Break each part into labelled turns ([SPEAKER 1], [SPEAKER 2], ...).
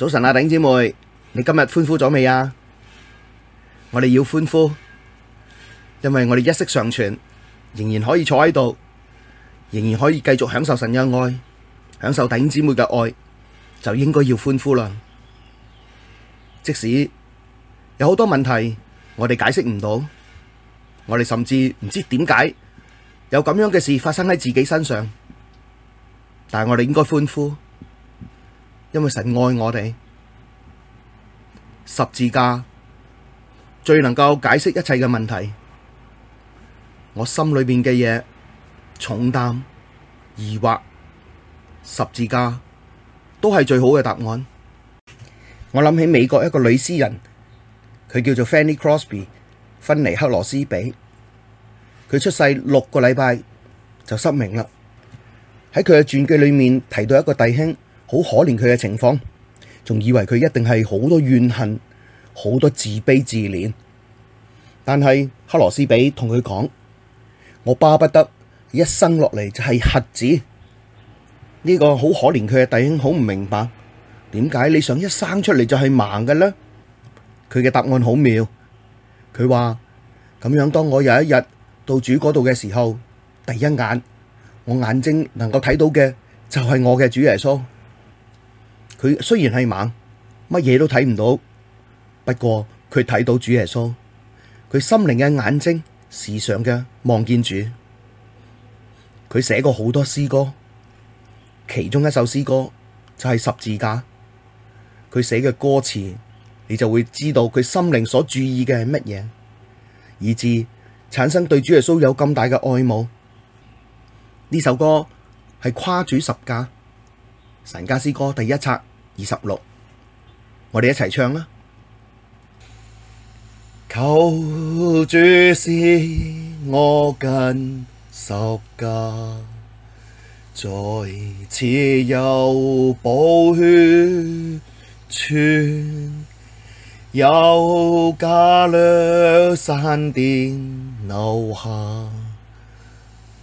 [SPEAKER 1] 早晨啊，弟兄姊妹，你今日歡呼咗未啊？我哋要歡呼，因為我哋一息尚存，仍然可以坐喺度，仍然可以繼續享受神嘅愛，享受弟兄姊妹嘅愛，就應該要歡呼啦。即使有好多問題，我哋解釋唔到，我哋甚至唔知點解有咁樣嘅事發生喺自己身上，但係我哋應該歡呼。因為神愛我哋，十字架最能夠解釋一切嘅問題。我心裏面嘅嘢，重擔、疑惑，十字架都係最好嘅答案。我諗起美國一個女詩人，佢叫做 Fanny Crosby，芬尼克羅斯比。佢出世六個禮拜就失明啦。喺佢嘅傳記裏面提到一個弟兄。好可憐佢嘅情況，仲以為佢一定係好多怨恨，好多自卑自憐。但係克羅斯比同佢講：我巴不得一生落嚟就係瞎子。呢個好可憐佢嘅弟兄，好唔明白點解你想一生出嚟就係盲嘅呢？佢嘅答案好妙，佢話：咁樣當我有一日到主嗰度嘅時候，第一眼我眼睛能夠睇到嘅就係我嘅主耶穌。佢雖然係盲，乜嘢都睇唔到，不過佢睇到主耶穌，佢心靈嘅眼睛時常嘅望見主。佢寫過好多詩歌，其中一首詩歌就係十字架，佢寫嘅歌詞，你就會知道佢心靈所注意嘅係乜嘢，以致產生對主耶穌有咁大嘅愛慕。呢首歌係誇主十架，神家詩歌第一冊。二十六，我哋一齊唱啦！求主使我近
[SPEAKER 2] 十架，在此有寶血泉，由加略山巔，流下，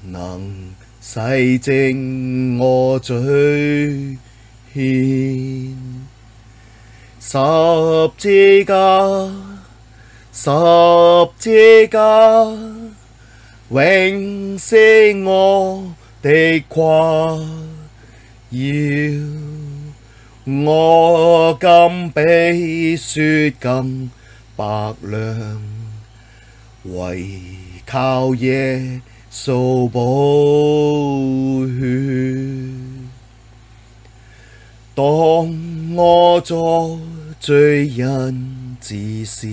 [SPEAKER 2] 能洗淨我罪。十字架，十字架，永是我的誇耀；我今比雪更白亮，唯靠耶穌寶血。當我作罪人之時，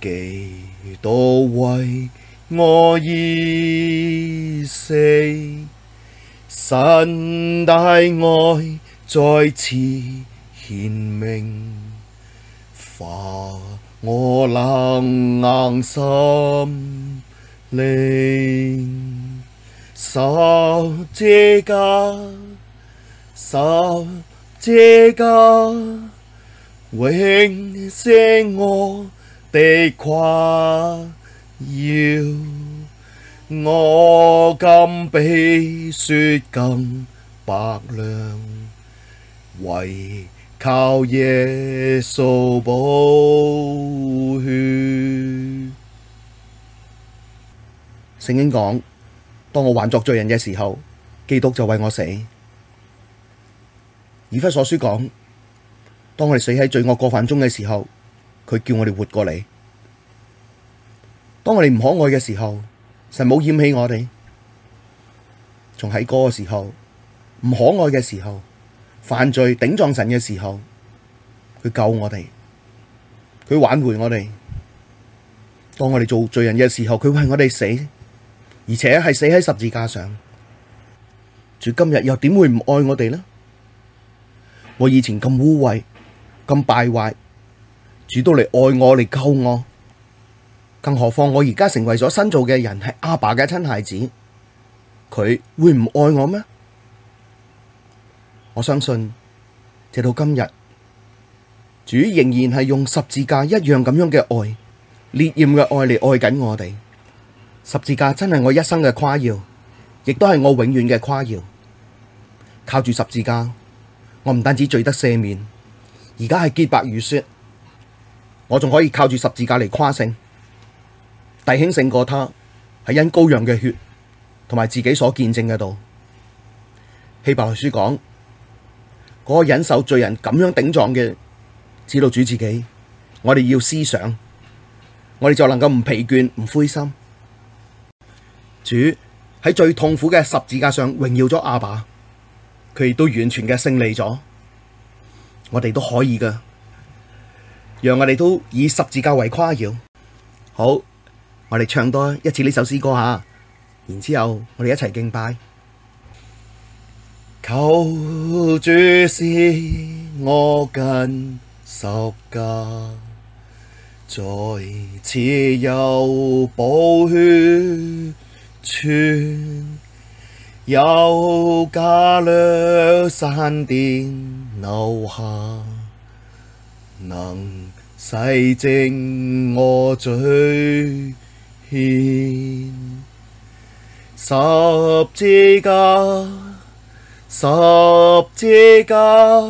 [SPEAKER 2] 基督為我而死，神大愛在此顯明。化我冷硬心靈，十字架。十字架永是我的誇耀，要我今比雪更白亮，唯靠耶穌寶
[SPEAKER 1] 血。聖經講，當我還作罪人嘅時候，基督就為我死。以弗所書講：當我哋死喺罪惡過犯中嘅時候，佢叫我哋活過嚟；當我哋唔可愛嘅時候，神冇嫌棄我哋。仲喺嗰個時候，唔可愛嘅時候，犯罪頂撞神嘅時候，佢救我哋，佢挽回我哋。當我哋做罪人嘅時候，佢為我哋死，而且係死喺十字架上。主今日又點會唔愛我哋呢？我以前咁污穢、咁敗壞，主都嚟愛我嚟救我。更何況我而家成為咗新造嘅人，係阿爸嘅親孩子，佢會唔愛我咩？我相信，直到今日，主仍然係用十字架一樣咁樣嘅愛、烈焰嘅愛嚟愛緊我哋。十字架真係我一生嘅誇耀，亦都係我永遠嘅誇耀。靠住十字架。我唔單止罪得赦免，而家係潔白如雪，我仲可以靠住十字架嚟誇勝，弟兄勝過他，係因羔羊嘅血同埋自己所見證嘅道。希伯來書講，嗰、那個忍受罪人咁樣頂撞嘅，知道主自己，我哋要思想，我哋就能夠唔疲倦唔灰心。主喺最痛苦嘅十字架上榮耀咗阿爸。佢亦都完全嘅勝利咗，我哋都可以㗎，讓我哋都以十字架為誇耀。好，我哋唱多一次呢首詩歌嚇，然之後我哋一齊敬拜。求
[SPEAKER 2] 主使我近十架，在此有寶血泉。由加略山巔流下，能洗淨我罪愆。十字架，十字架，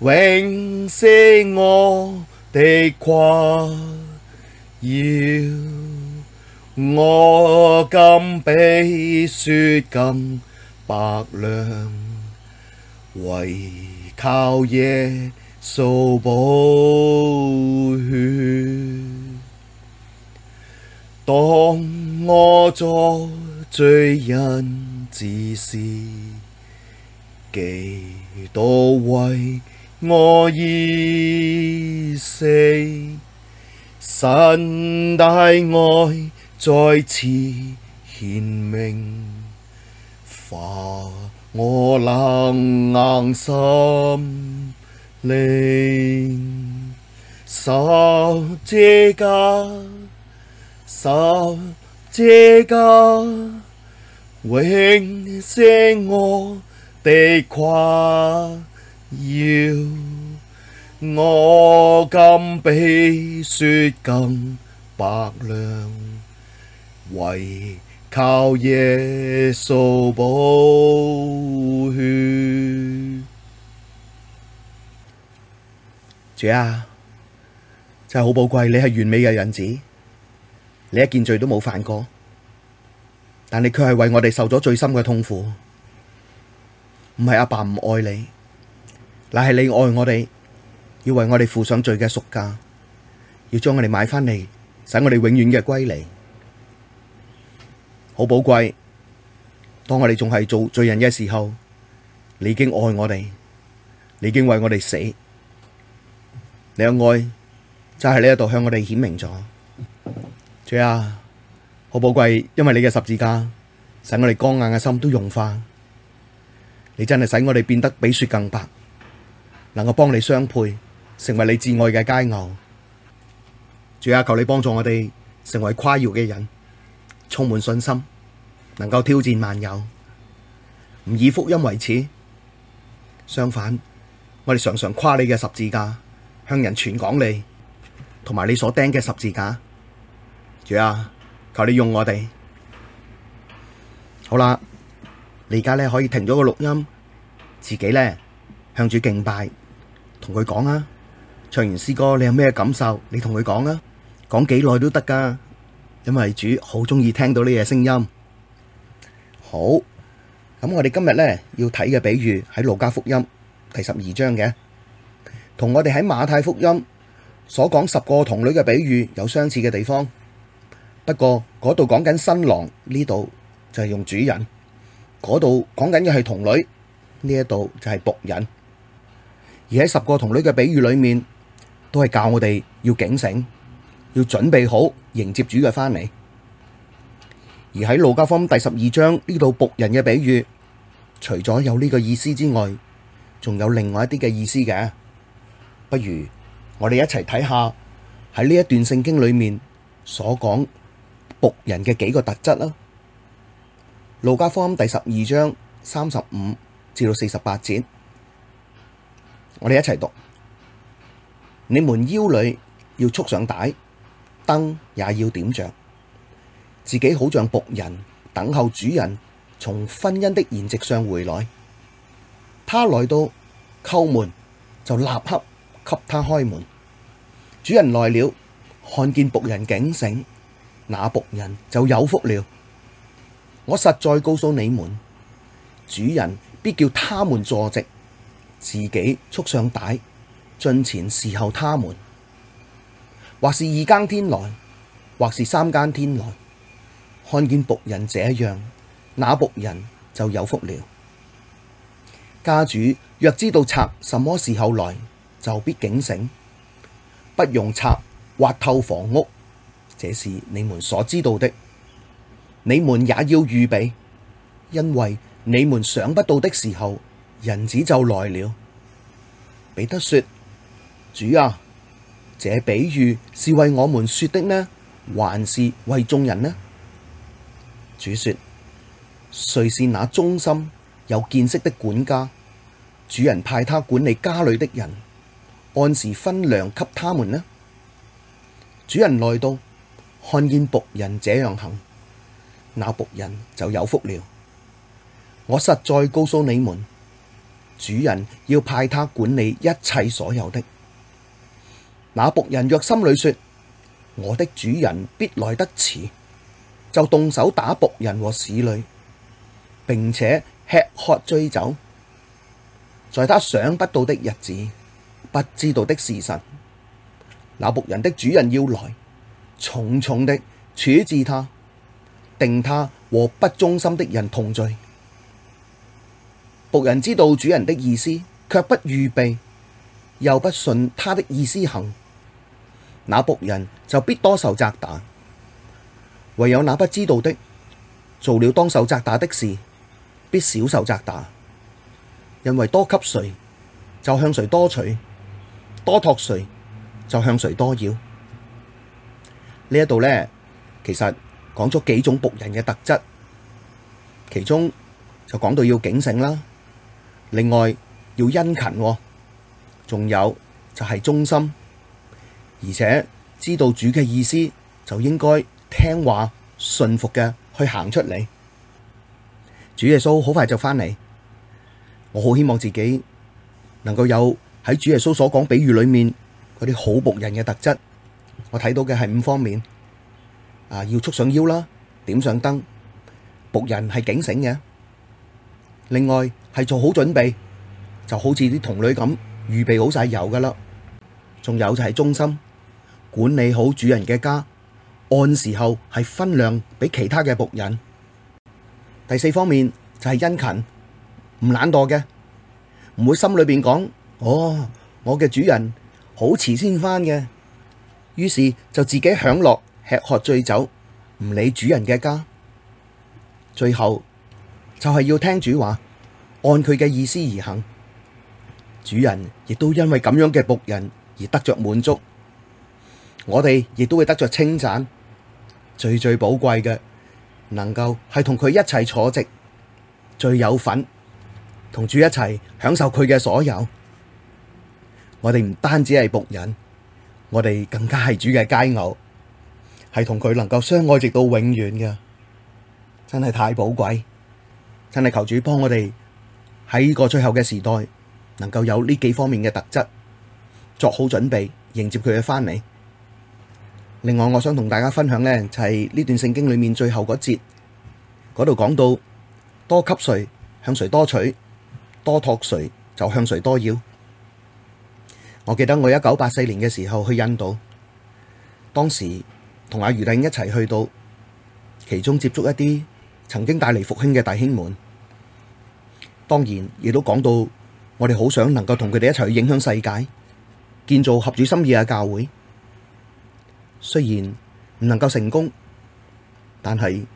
[SPEAKER 2] 永是我的誇耀。我今比雪更白亮，惟靠耶穌寶血。當我作罪人之時，基督為我而死，神大愛，再次在此顯明，化我冷硬心靈，十字架，十字架，永是我的誇耀；我今比雪更白亮。惟靠耶穌寶血，
[SPEAKER 1] 主啊，真係好寶貴！你係完美嘅人子，你一件罪都冇犯過，但你卻係為我哋受咗最深嘅痛苦。唔係阿爸唔愛你，乃係你愛我哋，要為我哋付上罪嘅贖價，要將我哋買翻嚟，使我哋永遠嘅歸嚟。好寶貴，當我哋仲係做罪人嘅時候，你已經愛我哋，你已經為我哋死，你嘅愛就喺呢一度向我哋顯明咗。主啊，好寶貴，因為你嘅十字架，使我哋剛硬嘅心都融化。你真係使我哋變得比雪更白，能夠幫你相配，成為你至愛嘅佳偶。主啊，求你幫助我哋成為誇耀嘅人，充滿信心。能夠挑戰萬有，唔以福音為恥。相反，我哋常常誇你嘅十字架，向人傳講你，同埋你所釘嘅十字架。主啊，求你用我哋。好啦，你而家咧可以停咗個錄音，自己咧向主敬拜，同佢講啊。唱完詩歌，你有咩感受？你同佢講啊，講幾耐都得噶，因為主好鍾意聽到呢嘅聲音。好，咁我哋今日呢要睇嘅比喻喺路加福音第十二章嘅，同我哋喺馬太福音所講十個童女嘅比喻有相似嘅地方，不過嗰度講緊新郎，呢度就係用主人；嗰度講緊嘅係童女，呢一度就係僕人。而喺十個童女嘅比喻裏面，都係教我哋要警醒，要準備好迎接主嘅返嚟。而喺路加福音第十二章呢度僕人嘅比喻，除咗有呢個意思之外，仲有另外一啲嘅意思嘅。不如我哋一齊睇下喺呢一段聖經裏面所講僕人嘅幾個特質啦。路加福音第十二章三十五至到四十八節，我哋一齊讀：你們腰裏要束上帶，燈也要點着。自己好像僕人，等候主人從婚姻的筵席上回來。他來到叩門，就立刻給他開門。主人來了，看見僕人警醒，那僕人就有福了。我實在告訴你們，主人必叫他們坐席，自己束上帶，進前侍候他們，或是二更天來，或是三更天來。看見僕人這樣，那僕人就有福了。家主若知道賊什麼時候來，就必警醒，不容賊挖透房屋。這是你們所知道的，你們也要預備，因為你們想不到的時候，人子就來了。彼得說：主啊，這比喻是為我們說的呢，還是為眾人呢？主說：誰是那忠心有見識的管家？主人派他管理家裡的人，按時分糧給他們呢？主人來到，看見僕人這樣行，那僕人就有福了。我實在告訴你們，主人要派他管理一切所有的。那僕人若心裡說：我的主人必來得遲。就動手打僕人和使女，並且吃喝醉酒。在他想不到的日子，不知道的時辰，那僕人的主人要來，重重的處置他，定他和不忠心的人同罪。僕人知道主人的意思，卻不預備，又不順他的意思行，那僕人就必多受責打。唯有那不知道的做了當受責打的事，必少受責打。因為多給誰就向誰多取，多託誰就向誰多要。呢一度咧，其實講咗幾種僕人嘅特質，其中就講到要警醒啦，另外要殷勤，仲有就係忠心，而且知道主嘅意思就應該。聽話、順服嘅去行出嚟，主耶穌好快就返嚟。我好希望自己能夠有喺主耶穌所講比喻裏面嗰啲好僕人嘅特質。我睇到嘅係五方面，啊，要束上腰啦，點上燈，僕人係警醒嘅。另外係做好準備，就好似啲童女咁，預備好晒油噶啦。仲有就係忠心，管理好主人嘅家。按時候係分量俾其他嘅僕人。第四方面就係、是、殷勤，唔懶惰嘅，唔會心裏邊講：哦，我嘅主人好遲先返嘅，於是就自己享樂，吃喝醉酒，唔理主人嘅家。最後就係、是、要聽主話，按佢嘅意思而行。主人亦都因為咁樣嘅僕人而得着滿足，我哋亦都會得着稱讚。最最寶貴嘅，能夠係同佢一齊坐席，最有份同主一齊享受佢嘅所有。我哋唔單止係僕人，我哋更加係主嘅佳偶，係同佢能夠相愛直到永遠嘅，真係太寶貴！真係求主幫我哋喺呢個最後嘅時代，能夠有呢幾方面嘅特質，作好準備迎接佢嘅翻嚟。另外，我想同大家分享呢，就係呢段聖經裏面最後嗰節，嗰度講到多給誰，向誰多取，多託誰就向誰多要。我記得我一九八四年嘅時候去印度，當時同阿余定一齊去到，其中接觸一啲曾經帶嚟復興嘅弟兄們。當然，亦都講到我哋好想能夠同佢哋一齊去影響世界，建造合主心意嘅教會。雖然唔能夠成功，但係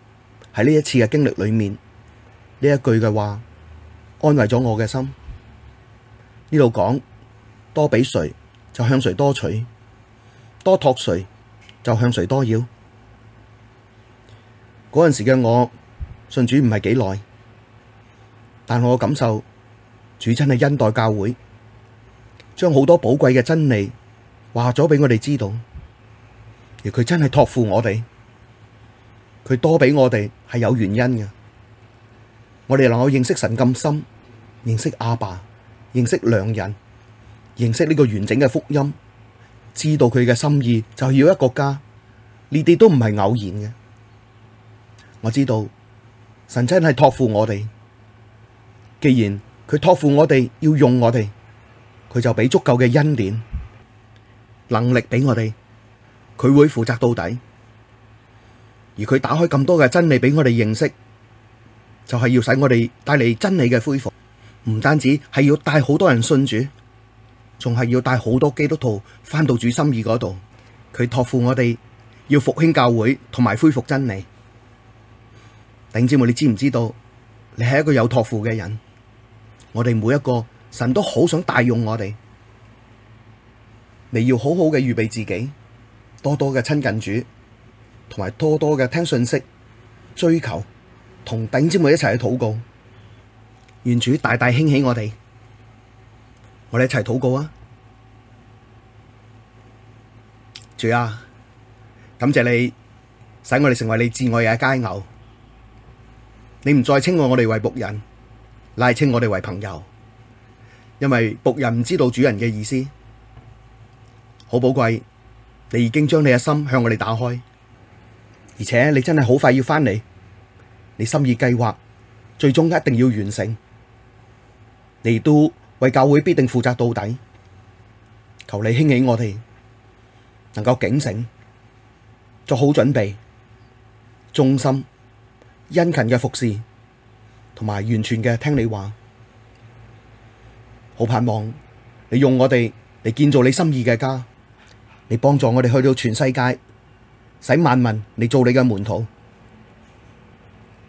[SPEAKER 1] 喺呢一次嘅經歷裏面，呢一句嘅話安慰咗我嘅心。呢度講多俾誰就向誰多取，多託誰就向誰多要。嗰陣時嘅我信主唔係幾耐，但我感受主真係恩待教會，將好多寶貴嘅真理話咗俾我哋知道。而佢真係托付我哋，佢多俾我哋係有原因嘅。我哋能夠認識神咁深，認識阿爸，認識良人，認識呢個完整嘅福音，知道佢嘅心意，就要一個家。呢啲都唔係偶然嘅。我知道神真係托付我哋。既然佢托付我哋要用我哋，佢就俾足夠嘅恩典、能力俾我哋。佢會負責到底，而佢打開咁多嘅真理俾我哋認識，就係要使我哋帶嚟真理嘅恢復。唔單止係要帶好多人信主，仲係要帶好多基督徒翻到主心意嗰度。佢托付我哋要復興教會同埋恢復真理。頂姊妹，你知唔知道？你係一個有託付嘅人。我哋每一個神都好想大用我哋，你要好好嘅預備自己。多多嘅親近主，同埋多多嘅聽信息，追求同弟兄姊妹一齊去禱告，願主大大興起我哋，我哋一齊禱告啊！主啊，感謝你使我哋成為你至愛嘅佳偶，你唔再稱我哋為僕人，乃稱我哋為朋友，因為僕人唔知道主人嘅意思，好寶貴。你已經將你嘅心向我哋打開，而且你真係好快要返嚟，你心意計劃最終一定要完成，你都為教會必定負責到底。求你興起我哋，能夠警醒，做好準備，忠心、殷勤嘅服侍，同埋完全嘅聽你話。好盼望你用我哋嚟建造你心意嘅家。你幫助我哋去到全世界，使萬民嚟做你嘅門徒，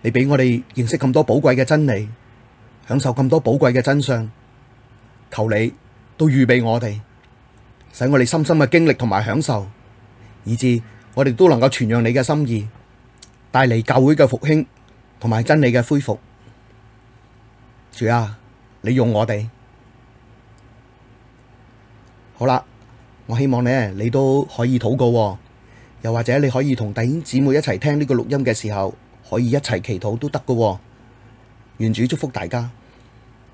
[SPEAKER 1] 你俾我哋認識咁多寶貴嘅真理，享受咁多寶貴嘅真相。求你都預備我哋，使我哋深深嘅經歷同埋享受，以至我哋都能夠傳揚你嘅心意，帶嚟教會嘅復興同埋真理嘅恢復。主啊，你用我哋好啦。我希望咧，你都可以禱告，又或者你可以同弟兄姊妹一齊聽呢個錄音嘅時候，可以一齊祈禱都得噶。願主祝福大家。